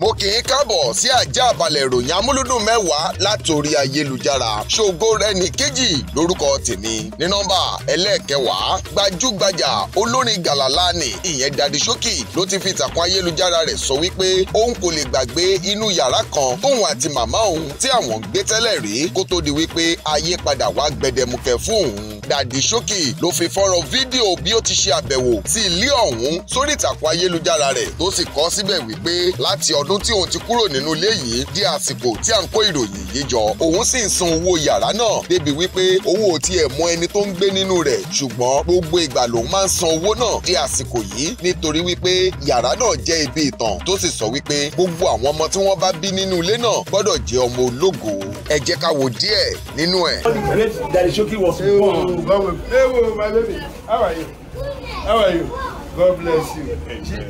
mo kì í káàbọ̀ sí àjà àbálẹ̀ ìròyìn amúlùdùn mẹ́wàá látòrí ayélujára ṣògo rẹni kejì lórúkọ tèmi ní nọ́mbà ẹlẹ́ẹ̀kẹwàá gbajúgbajà olórin gàlálà ni ìyẹn Daddy Showkey ló ti fi ìtàkùn ayélujára rẹ̀ sọ wípé òun kò lè gbàgbé inú yàrá kan tóun àti màmá òun tí àwọn ń gbé tẹ́lẹ̀ rí kó tó di wípé ayé padà wá gbẹdẹmukẹ fún òun Dàgbàsókè ló fi fọ́nrán fídíò bí ó ti ṣe àbẹ̀wò sí ilé ọ̀hún sórí ìtàkùn ayélujára rẹ̀ tó sì kọ síbẹ̀ wípé láti ọdún tí òun ti kúrò nínú ilé yìí di àsìkò tí à ń kó ìròyìn yìí jọ òun sì ń san owó yàrá náà débi wípé owó ò tiẹ̀ mọ ẹni tó ń gbé nínú rẹ̀ ṣùgbọ́n gbogbo ìgbà lòun máa ń san owó náà di àsìkò yìí nítorí wípé yàrá náà jẹ́ ibi ìtàn tó sì sọ wípé gbogbo àwọn ọmọ tí wọ́n bá bí nínú ilé náà gbọ́dọ̀ jẹ́ ọmọ ológo ẹ ká wo díẹ̀ nínú ẹ̀. Dàgbàsókè was born God Hey, my baby. How are you? How are you? God bless you.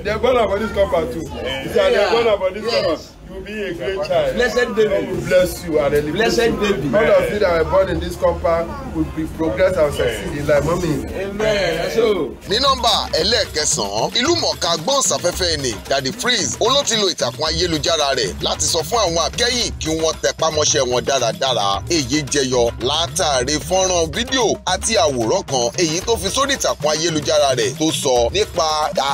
they're born about this compound too. They are about this compound will be a great child. Blessed baby. God will bless you and elevate Blessed you. baby. All of you that were born in this compound will be progress and succeed in life. Mommy. Amen. So. Ní nọ́mbà ẹlẹ́ẹ̀kẹsàn-án, ìlú mọ̀ọ́ká gbóhùnsáfẹ́fẹ́ ni Daddy Freeze olóòtú lo ìtàkùn ayélujára rẹ̀ láti sọ fún àwọn akẹ́yìn kí wọ́n tẹpámọ́ṣẹ́ wọn dáradára. Èyí jẹyọ látàrí fọ́nrán fídíò àti àwòrán kan èyí tó fi sórí ìtàkùn ayélujára rẹ̀ tó sọ nípa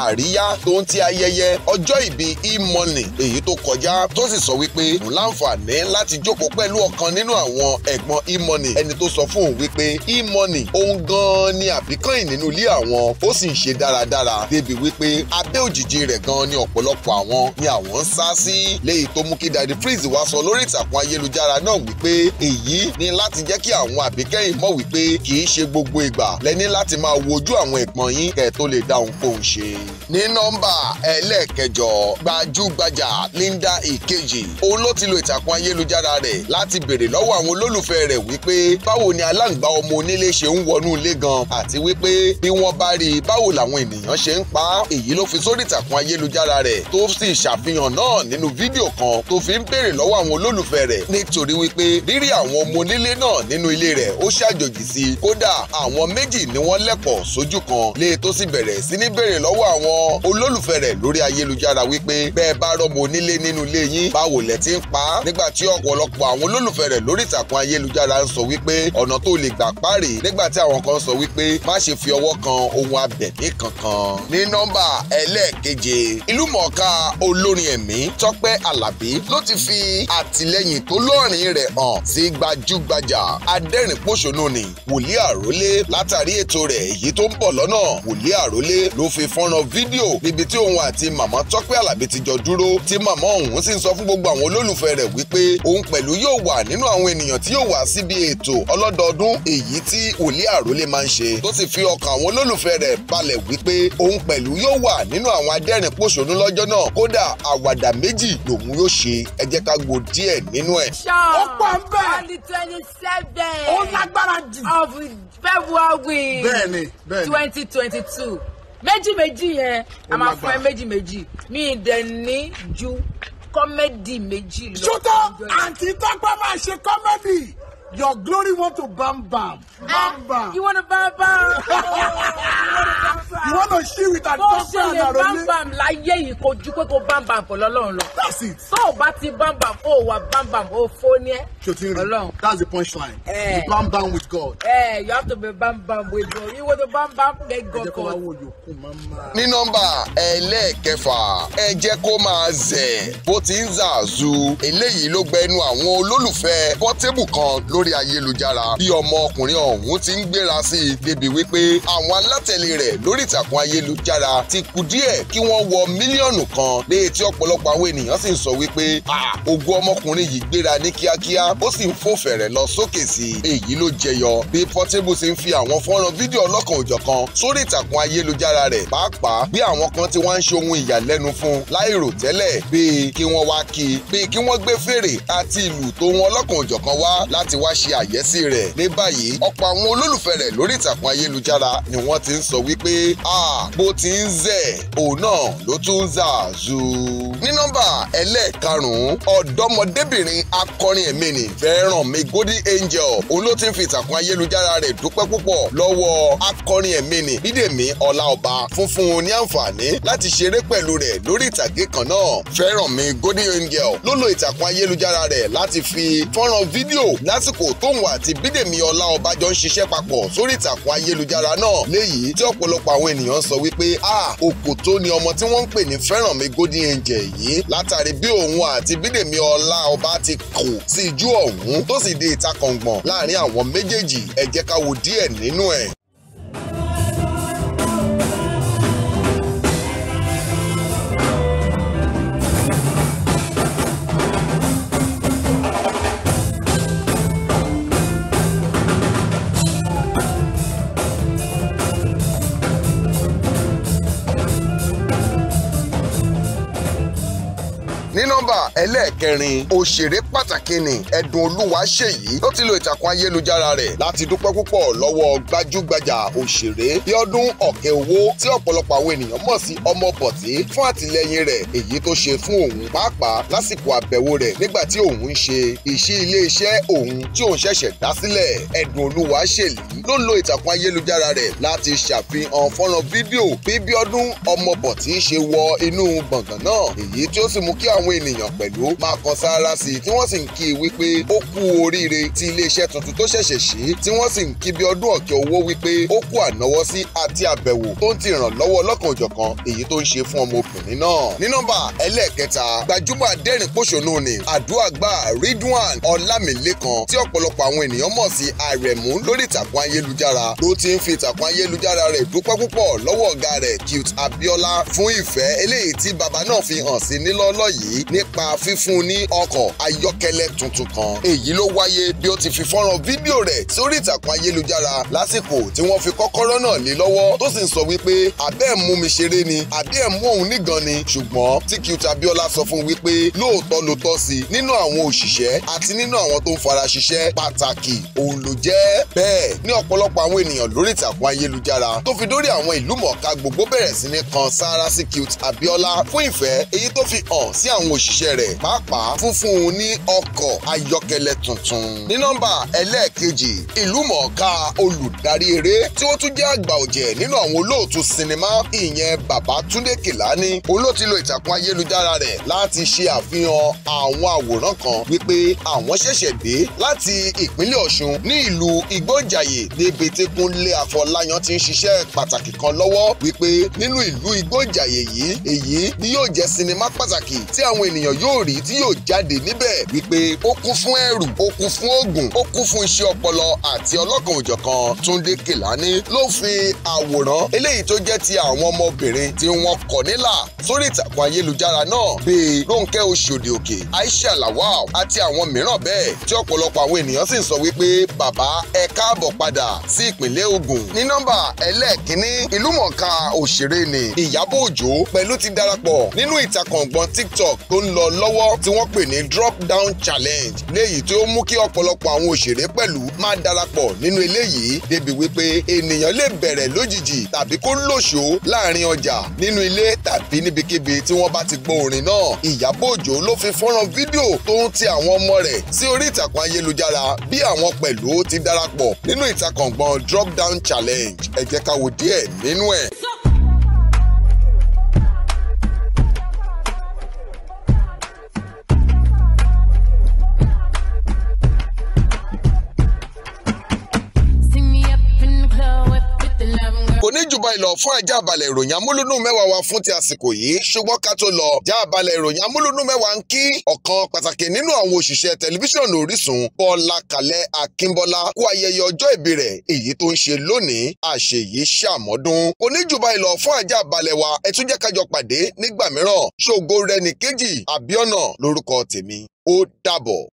àríyá tó ń ti ayẹyẹ ọjọ́ ìbí e-money èyí tó kọjá tó sì sọ wípé òun láǹfààní láti jókòó pẹ̀lú ọ̀kan nínú àwọn ẹ̀gbọ́n imoni ẹni tó sọ fún òun wípé imoni òun gan-an ni àbíkẹ́yìn nínú ilé àwọn ó sì ń ṣe dáradára débi wípé abẹ́ òjìji rẹ̀ gan-an ni ọ̀pọ̀lọpọ̀ àwọn ni àwọn ń sá sí léyìí tó mú kí Daddy Freeze wá sọ lórí ìtàkùn ayélujára náà wípé èyí ni láti jẹ́ kí àwọn àbíkẹ́yìn mọ̀ wípé kì í ṣe gbogbo ìgbà lẹ́ni láti máa wojú àwọn ẹ̀gbọ́n yín kẹ́ tó lè dá ohunkóhun ṣe. ní nọ́mbà ẹlẹ́ẹ̀kẹjọ gbajúgbajà Linda E ìkejì òun ló ti lo ìtàkùn ayélujára rẹ̀ láti béèrè lọ́wọ́ àwọn olólùfẹ́ rẹ̀ wípé báwo ni aláǹgbá ọmọ onílé ṣe ń wọnú ilé gan àti wípé bí wọ́n bá rí i báwo làwọn ènìyàn ṣe ń pa á èyí ló fi sórí ìtàkùn ayélujára rẹ̀ tó sì ṣàfihàn náà nínú fídíò kan tó fi ń béèrè lọ́wọ́ àwọn olólùfẹ́ rẹ̀ nítorí wípé rírí àwọn ọmọ onílé náà nínú ilé rẹ̀ ó ṣàjòjì sí i kódà àwọn méjì ni wọ́n lẹ̀pọ̀ sójú kan lé tó sì bẹ̀rẹ̀ sí ní béèrè lọ́wọ́ àwọn olólùfẹ́ rẹ̀ lórí ayélujára wípé bẹ́ẹ̀ bá rọ́mọ onílé nínú ilé yín báwo lẹ ti ń pa á nígbà tí ọ̀pọ̀lọpọ̀ àwọn olólùfẹ́ rẹ̀ lórí ìtàkùn ayélujára ń sọ wípé ọ̀nà tó lè gbà páre nígbà tí àwọn kan sọ wípé má ṣe fi ọwọ́ kan ohun abẹ̀mí kankan. ní nọ́mbà ẹlẹ́ẹ̀keje ìlúmọ̀ọ́ká olórin ẹ̀mí tọ́pẹ́ àlàbí ló ti fi àtìlẹ́yìn tó lọ́rin rẹ̀ hàn sí gbajúgbajà adẹ́rìnpòṣónú ni wòlíì àrólé látàrí ètò rẹ̀ èyí tó ń bọ̀ lọ́nà wòlíì àrólé ló fi fọ́nrán fídíò níbi tí òun àti màmá tọ́pẹ́ àlàbí ti jọ dúró tí màmá òun sì ń sọ fún gbogbo àwọn olólùfẹ́ rẹ̀ wípé òun pẹ̀lú yóò wà nínú àwọn ènìyàn tí yóò wá síbi ètò ọlọ́dọọdún èyí tí Wòlíì Àrólé máa ń ṣe tó sì fi ọkàn àwọn olólùfẹ́ rẹ̀ balẹ̀ wípé òun pẹ̀lú yóò wà nínú àwọn adẹ́rìn pòṣónú lọ́jọ́ náà kódà àwàdà méjì lòun yóò ṣe ẹ ká gbọ́ díẹ̀ nínú ẹ̀. ó on the twenty seven. of February. bẹ́ẹ̀ni bẹ́ẹ̀ni. twenty twenty two méjì méjì yẹn a máa fún ẹ méjì méjì mi ì dẹ̀ ní ju kọ́mẹ́dì méjì lọ. ṣùtọ́ àǹtí tọ́pẹ́ máa ṣe kọ́mẹ́dì. Your glory want to bam bam. Bam ah, bam. You want to bam bam. you want to shoot with a doctor and a bam bam láyé yìí kò ju pé kò bam bam for lọ́lọ́run lọ. That's it. So o ti bam bam o wà bam bam o fó ní ẹ. Ṣòtí that's the punchline. Eh. You bam bam with God. Eh, you have to be bam bam with God. You want to bam bam get God. Ẹ jẹ́ kó wá wo yòókù máma. Ní nọ́mbà ẹlẹ́ẹ̀kẹfà, ẹ jẹ́ kó máa zẹ̀ bó ti ń zàzù. Eléyìí ló gbẹnu àwọn olólùfẹ́ Portable kan ló lórí ayélujára bí ọmọ ọkùnrin ọ̀hún ti ń gbéra sí i débi wípé àwọn alátẹ̀lé rẹ̀ lórí ìtàkùn ayélujára ti kù díẹ̀ kí wọ́n wọ mílíọ̀nù kan lé etí ọ̀pọ̀lọpọ̀ àwọn ènìyàn sì ń sọ wípé ògo ọmọkùnrin yìí gbéra ní kíákíá ó sì ń fò fẹ̀rẹ̀ lọ sókè sí i èyí ló jẹyọ bí Portable ti ń fi àwọn fọ́nrán fídíò ọlọ́kan òjọ̀kan sórí ìtàkùn ayélujára rẹ̀ pàápàá bí àwọn kan ti wá ń ṣe ohun ìyàlẹ́nu fún láìrò tẹ́lẹ̀ bíi kí wọ́n wá kí bíi kí wọ́n gbé fèrè àti ìlù tó wọn ọlọ́kan òjọ̀kan wá láti w wá ṣe àyẹ́sí rẹ̀ ní báyìí ọ̀pọ̀ àwọn olólùfẹ́ rẹ̀ lórí ìtàkùn ayélujára ni wọ́n ti ń sọ wípé bó ti ń zẹ̀ òun náà ló tún ń zà zu. ní nọ́mbà ẹlẹ́ẹ̀karùn-ún ọ̀dọ́mọdébìnrin akọrin ẹ̀mí ni Fẹ́rànmi Golden Angel òun ló ti ń fi ìtàkùn ayélujára rẹ̀ dúpẹ́ púpọ̀ lọ́wọ́ akọrin ẹ̀mí ni Bídèmí Ọláọba fún fún un ní àǹfààní láti ṣeré pẹ̀lú rẹ̀ lórí ìtàgé kan náà Fẹ́rànmi Golden Angel ló lo ìtàkùn ayélujára rẹ̀ láti fi fọ́nrán fídíò lásìkò àkókò tóun àti bídèmí ọlá ọbàjọ́ ń ṣiṣẹ́ papọ̀ sórí ìtàkùn ayélujára náà léyìí tí ọ̀pọ̀lọpọ̀ àwọn ènìyàn sọ wípé a òkòtó ni ọmọ tí wọ́n ń pè ní Fẹ́rànmi Golden Angel yìí látàrí bí òun àti bídèmí ọlá ọba ti kò sí ijú ọ̀hún tó sì di ìtakọ̀ngbọ̀n láàrin àwọn méjèèjì ẹ ká wo díẹ̀ nínú ẹ̀. ẹlẹ́ẹ̀kẹrin òṣèré pàtàkì ni ẹ̀dùn olúwa ṣèyí ló ti lo ìtàkùn ayélujára rẹ̀ láti dúpẹ́ púpọ̀ lọ́wọ́ gbajúgbajà òṣèré Bíọ́dún Òkèowó tí ọ̀pọ̀lọpọ̀ àwọn ènìyàn mọ̀ sí ọmọ bọ̀tí fún àtìlẹyìn rẹ̀ èyí tó ṣe fún òun pàápàá lásìkò àbẹ̀wò rẹ̀ nígbà tí òun ń ṣe ìṣí ilé-iṣẹ́ òun tí òun ṣẹ̀ṣẹ̀ dá sílẹ̀ ẹ̀dùn olúwa ṣèlí ló lo ìtàkùn ayélujára rẹ̀ láti ṣàfihàn fọ́nrán fídíò bí Bíọ́dún ọmọ bọ̀tí ṣe wọ inú gbọ̀ngàn náà èyí tí ó sì mú kí àwọn ènìyàn pẹ̀lú ìlú Makossala sí tí wọ́n sì ń kí i wípé ó kú oríire ti iléeṣẹ́ tuntun tó ṣẹ̀ṣẹ̀ ṣí tí wọ́n sì ń kí bí ọdún ọ̀kẹ́ owó wípé ó kú ànáwọ́sí àti àbẹ̀wò tó ń ti ìrànlọ́wọ́ ọlọ́kan òjọ̀kan èyí tó ń ṣe fún ọmọbìnrin náà. ní nọ́mbà ẹlẹ́ẹ̀kẹta gbajúmọ̀ adẹ́rìn pòṣónú ni àdúràgbà Ridwan Ọlámilẹ́kan tí ọ̀pọ̀lọpọ̀ àwọn ènìyàn mọ̀ sí àrẹ̀mú lórí ìtàkùn ayélujára ló ti ń fi ìtàkùn ayélujára rẹ̀ dúpẹ́ púpọ̀ lọ́wọ́ ọ̀gá rẹ̀ Cute Abiola fún ìfẹ́ eléyìí tí bàbá náà fi hàn sí nílọ́lọ́ yìí nípa fífún ní ọkọ̀ ayọ́kẹ́lẹ́ tuntun kan èyí ló wáyé bí ó ti fi fọ́nrán fídíò rẹ̀ sórí ìtàkùn ayélujára lásìkò tí wọ́n fi kọ́kọ́rọ́ náà lé lọ́wọ́ tó sì ń sọ wípé àbẹ́ mú mi ṣeré ni àbí ẹ̀ mú òun nígan ni ṣùgbọ́n tí Cute Abiola sọ fún wípé lóòótọ́ ló tọ́ sí nínú àwọn òṣìṣẹ́ àti nínú àwọn tó ń fara ṣiṣẹ́ pàtàkì òun ló jẹ́ bẹ́ẹ̀ ní ọ̀pọ̀lọpọ̀ àwọn ènìyàn lórí ìtàkùn ayélujára tó fi dórí àwọn ìlú mọ̀ọ́ká gbogbo bẹ̀rẹ̀ sí ní kan sáárá sí Cute Abiola fún ìfẹ́ èyí tó fi hàn sí àwọn òṣìṣẹ́ rẹ̀ rẹ̀ pàápàá fún fún un ní ọkọ̀ ayọ́kẹ́lẹ́ tuntun. ní nọ́mbà ẹlẹ́ẹ̀kejì ìlúmọ̀ọ́ká olùdarí eré tí ó tún jẹ́ àgbà ọ̀jẹ̀ nínú àwọn olóòtú sinimá ìyẹn bàbá Túndé Kèlání òun ló ti lo ìtàkùn ayélujára rẹ̀ láti ṣe àfihàn àwọn àwòrán kan wípé àwọn ṣẹ̀ṣẹ̀ dé láti ìpínlẹ̀ Ọ̀ṣun ní ìlú Igbójàyè níbi tí Kúnlé Afọláyan ti ń ṣiṣẹ́ pàtàkì kan lọ́wọ́ wípé nínú ìlú Igbójàyè yìí èyí ni yóò jẹ́ sinimá pàtàkì tí àwọn ènìyàn yóò yóò rí tí yóò jáde níbẹ̀ wípé ó kún fún ẹ̀rù ó kún fún oògùn ó kún fún iṣẹ́ ọpọlọ àti ọlọ́kan òjọ̀kan Túndé Kèlání ló fi àwòrán eléyìí tó jẹ́ ti àwọn ọmọbìnrin tí wọ́n kọ̀ nílà sórí ìtàkùn ayélujára náà bíi Rónkẹ́ Oṣòdì Òkè Aisha Lawal àti àwọn mìíràn bẹ́ẹ̀ tí ọ̀pọ̀lọpọ̀ àwọn ènìyàn sì ń sọ wípé bàbá ẹ káàbọ̀ padà sí ìpínlẹ̀ Ògùn ní nọ́mbà ẹlẹ́ẹ̀kínní ìlúmọ̀ọ́ká òṣèré ni Ìyábọ̀ Òjó pẹ̀lú ti darapọ̀ nínú ìtàkùn ọ̀gbọ́n TikTok tó ń lọ lọ́ lọ́wọ́ tí wọ́n pè ní drop down challenge léyìí tí ó mú kí ọ̀pọ̀lọpọ̀ àwọn òṣèré pẹ̀lú máa darapọ̀ nínú eléyìí débi wípé ènìyàn lè bẹ̀rẹ̀ lójijì tàbí kó lòṣó láàrin ọjà nínú ilé tàbí níbikíbi tí wọ́n bá ti gbọ́ orin náà Ìyábọ̀ Òjó ló fi fọ́nrán fídíò tó ń ti àwọn ọmọ rẹ̀ sí orí ìtàkùn ayélujára bí àwọn pẹ̀lú ti darapọ̀ nínú ìtakọ̀ngbọ̀n drop down challenge ẹ jẹ́ ká díẹ̀ nínú ẹ̀. báyìí lọ fún ajá balẹ̀ ìròyìn amúlùdùn mẹ́wàá wa fún ti àsìkò yìí ṣùgbọ́n ká tó lọ ajá balẹ̀ ìròyìn amúlùdùn mẹ́wàá ń kí ọ̀kan pàtàkì nínú àwọn òṣìṣẹ́ tẹlifíṣàn Orísun Bọ́lá Kalẹ̀ Akínbọ́lá kú ayẹyẹ ọjọ́ ìbí rẹ̀ èyí tó ń ṣe lónìí àṣeyìí ṣàmọ́dún kò ní jù báyìí lọ fún ajá balẹ̀ wa ẹ